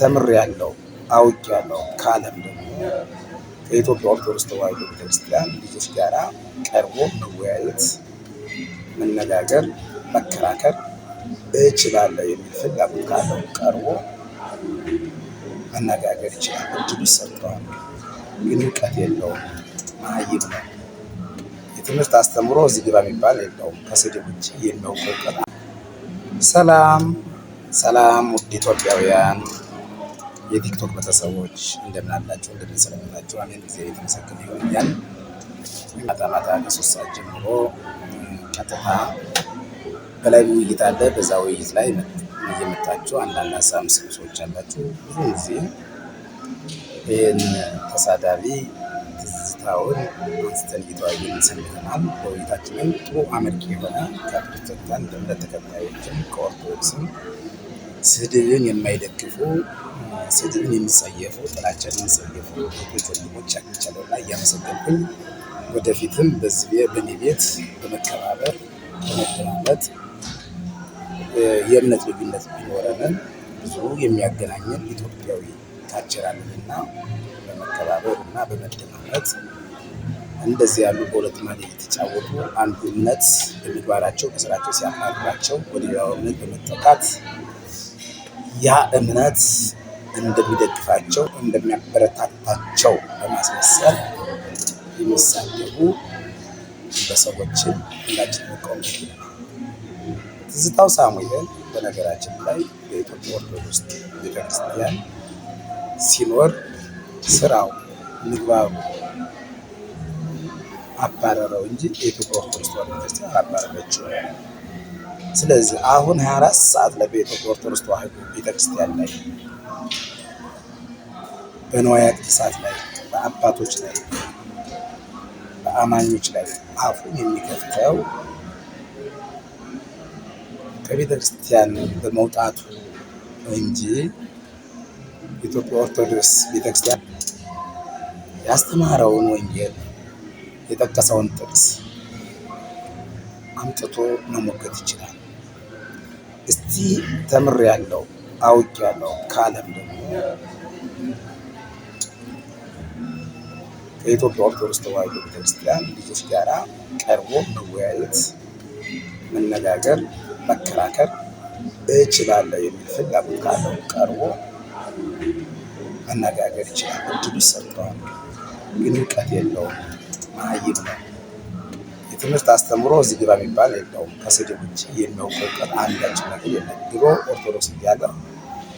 ተምሬያለሁ አውቄያለሁ ካለም ደግሞ ከኢትዮጵያ ኦርቶዶክስ ተዋሕዶ ቤተክርስቲያን ልጆች ጋር ቀርቦ መወያየት፣ መነጋገር፣ መከራከር እችላለሁ የሚል ፍላጎት ካለው ቀርቦ መነጋገር ይችላል። እድሉ ሰጥተዋል። ግን እውቀት የለውም። ማይት ነው። የትምህርት አስተምሮ እዚህ ግባ የሚባል የለውም። ከስድብ ውጭ የሚያውቅ እውቀት። ሰላም ሰላም ውድ ኢትዮጵያውያን የቲክቶክ ቤተሰቦች እንደምን አላችሁ? እንደምን አሜን የተመሰገነ ማታ ማታ ከሶስት ሰዓት ጀምሮ ቀጥታ በላይ ውይይት አለ። በዛ ውይይት ላይ እየመጣችሁ አንዳንድ ሀሳብ አላችሁ። ብዙ ጊዜ ይህን ተሳዳቢ ትዝታውን አንስተን እየተወያየን እንሰንብተናል። በውይይታችንም ጥሩ አመርቂ የሆነ ተከታዮችም ከኦርቶዶክስም ስድብን የማይደግፉ ስድብን የሚጸየፉ ጥላቻን የሚጸየፉ ቤት ወንድሞች አግኝቻለሁና እያመሰገንኩኝ ወደፊትም በዚህ በእኔ ቤት በመከባበር በመደማመጥ የእምነት ልዩነት ቢኖረንም ብዙ የሚያገናኘን ኢትዮጵያዊ ታችራለንና በመከባበር እና በመደማመጥ እንደዚህ ያሉ በሁለት ማለ የተጫወቱ አንዱ እምነት በምግባራቸው በስራቸው ሲያማርራቸው ወደ ሌላው እምነት በመጠቃት ያ እምነት እንደሚደግፋቸው እንደሚያበረታታቸው በማስመሰል የሚሳደቡ በሰዎችን ሁላችን መቃወም ትዝታው ሳሙኤል በነገራችን ላይ በኢትዮጵያ ኦርቶዶክስ ቤተክርስቲያን ሲኖር ስራው ምግባሩ አባረረው እንጂ የኢትዮጵያ ኦርቶዶክስ ቤተክርስቲያን አባረረችው። ስለዚህ አሁን 24 ሰዓት ለቤተ ኦርቶዶክስ ተዋህዶ ቤተክርስቲያን ላይ በነዋያ ቅድሳት ላይ በአባቶች ላይ በአማኞች ላይ አፉን የሚከፍተው ከቤተክርስቲያን በመውጣቱ እንጂ ኢትዮጵያ ኦርቶዶክስ ቤተክርስቲያን ያስተማረውን ወንጌል የጠቀሰውን ጥቅስ አምጥቶ መሞገት ይችላል። እስቲ ተምር ያለው አውቅ ያለው ከዓለም ደግሞ ከኢትዮጵያ ኦርቶዶክስ ተዋሕዶ ቤተክርስቲያን ልጆች ጋራ ቀርቦ መወያየት፣ መነጋገር፣ መከራከር እችላለሁ የሚል ፍላጎት ካለው ቀርቦ መነጋገር ይችላል። እድሉ ሰጥተዋል፣ ግን እውቀት የለውም። መሀይም ነው። የትምህርት አስተምሮ እዚህ ግባ የሚባል የለውም። ከስድብ ውጭ የሚያውቀው እውቀት አንዳችም ነገር የለም። ድሮ ኦርቶዶክስ እያለ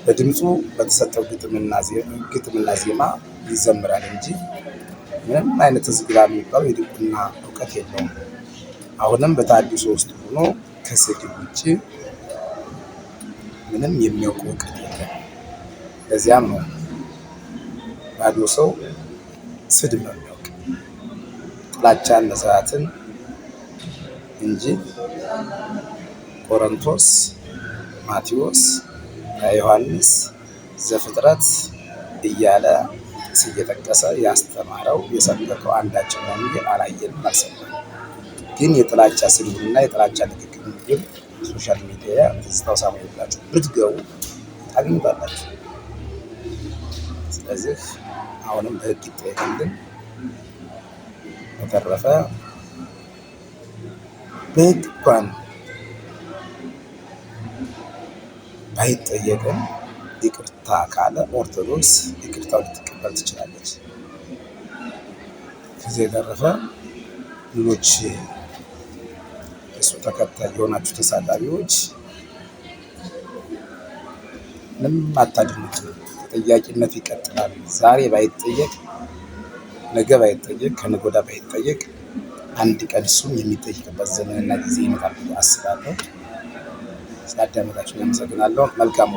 በድምፁ በተሰጠው ግጥምና ዜማ ይዘምራል እንጂ ምንም አይነት እዚህ ግባ የሚባለው የድቁና እውቀት የለውም። አሁንም በታዲሱ ውስጥ ሆኖ ከስድብ ውጭ ምንም የሚያውቀው እውቀት የለም። ለዚያም ነው ባዶ ሰው ስድብ ነው የሚያውቅ ጥላቻን፣ መሥዋዕትን እንጂ ቆሮንቶስ፣ ማቴዎስ፣ ዮሐንስ፣ ዘፍጥረት እያለ እየጠቀሰ ያስተማረው የሰበከው አንዳችን ወንጌል አላየንም፣ አልሰማንም። ግን የጥላቻ ስድብና የጥላቻ ንግግር ምግብ ሶሻል ሚዲያ ትዝታው ሳሙኤል ብላችሁ ብትገቡ ታገኙታላችሁ። ስለዚህ አሁንም በህግ ይጠየቅልን። በተረፈ በሕግ እንኳን ባይጠየቅም ይቅርታ ካለ ኦርቶዶክስ ይቅርታው ልትቀበል ትችላለች። ከዚህ የተረፈ ሌሎች እሱ ተከታይ የሆናችሁ ተሳዳቢዎች ምንም አታድኑት። ተጠያቂነት ይቀጥላል። ዛሬ ባይጠየቅ ነገ ባይጠየቅ ከነገ ወዲያ ባይጠየቅ አንድ ቀን እሱም የሚጠይቅበት ዘመንና ጊዜ ይመጣል አስባለሁ። ስላዳመጣችሁ አመሰግናለሁ። መልካም